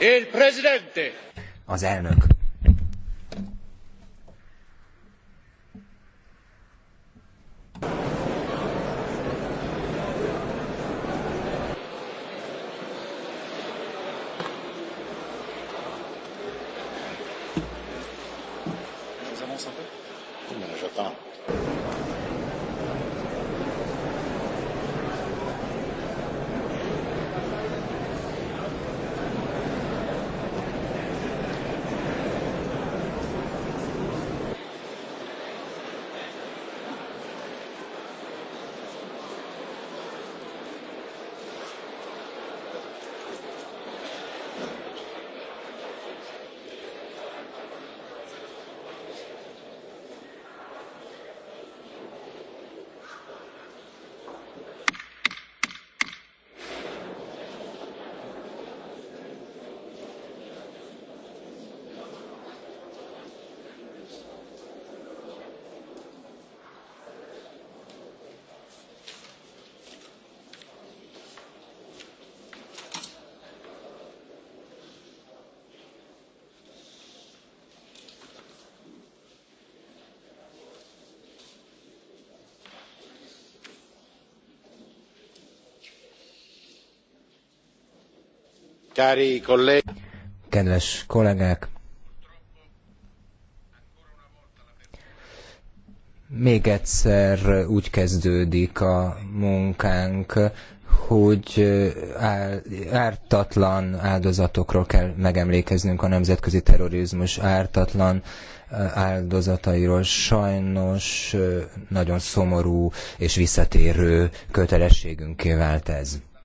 El presidente. Az elnök. Nous un peu. mais j'attends. Kedves kollégák! Még egyszer úgy kezdődik a munkánk, hogy ártatlan áldozatokról kell megemlékeznünk a nemzetközi terrorizmus ártatlan áldozatairól. Sajnos nagyon szomorú és visszatérő kötelességünké vált ez.